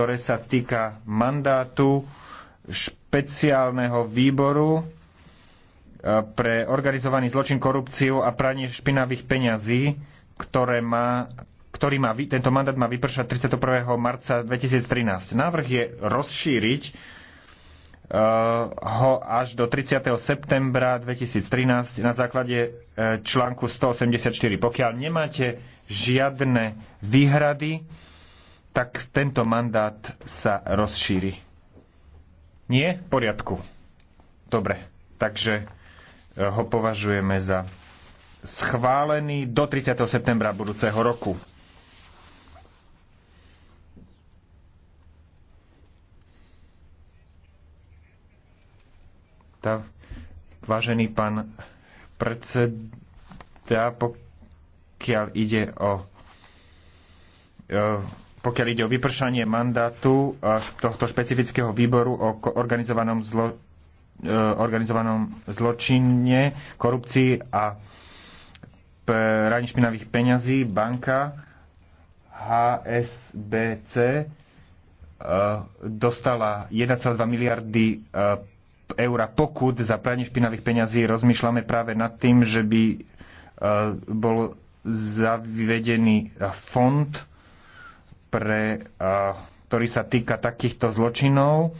ktoré sa týka mandátu špeciálneho výboru e, pre organizovaný zločin, korupciu a pranie špinavých peňazí, ktoré má, ktorý má, tento mandát má vypršať 31. marca 2013. Návrh je rozšíriť e, ho až do 30. septembra 2013 na základe e, článku 184. Pokiaľ nemáte žiadne výhrady, tak tento mandát sa rozšíri. Nie? V poriadku. Dobre. Takže e, ho považujeme za schválený do 30. septembra budúceho roku. Tá, vážený pán predseda, pokiaľ ide o, o e, pokiaľ ide o vypršanie mandátu tohto špecifického výboru o organizovanom, zlo, e, organizovanom zločine, korupcii a praní špinavých peňazí, banka HSBC e, dostala 1,2 miliardy e, eura pokut za pranie špinavých peňazí. Rozmýšľame práve nad tým, že by bol zavedený fond pre, ktorý sa týka takýchto zločinov.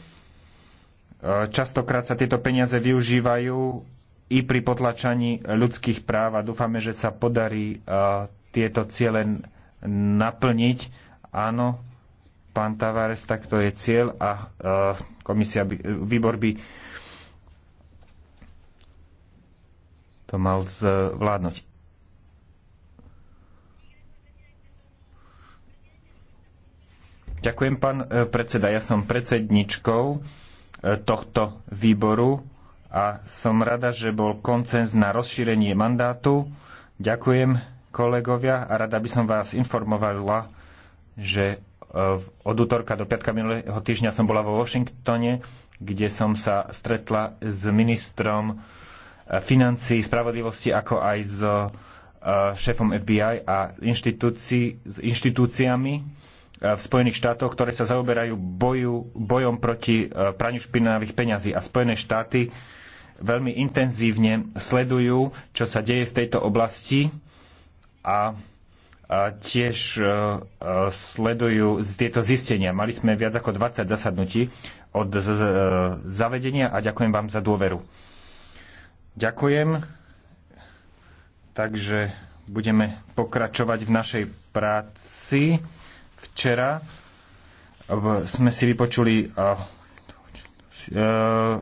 Častokrát sa tieto peniaze využívajú i pri potlačaní ľudských práv a dúfame, že sa podarí tieto ciele naplniť. Áno, pán Tavares, tak to je cieľ a komisia by, výbor by to mal zvládnuť. Ďakujem, pán e, predseda. Ja som predsedničkou e, tohto výboru a som rada, že bol koncenz na rozšírenie mandátu. Ďakujem, kolegovia, a rada by som vás informovala, že e, od útorka do piatka minulého týždňa som bola vo Washingtone, kde som sa stretla s ministrom financí, spravodlivosti, ako aj s šéfom FBI a inštitúci, s inštitúciami E, v Spojených štátoch, ktoré sa zaoberajú boju, bojom proti e, praniu špinavých peňazí. A Spojené štáty veľmi intenzívne sledujú, čo sa deje v tejto oblasti a tiež e, sledujú tieto zistenia. Mali sme viac ako 20 zasadnutí od zavedenia a ďakujem vám za dôveru. Ďakujem. Takže budeme pokračovať v našej práci. Včera sme si vypočuli e,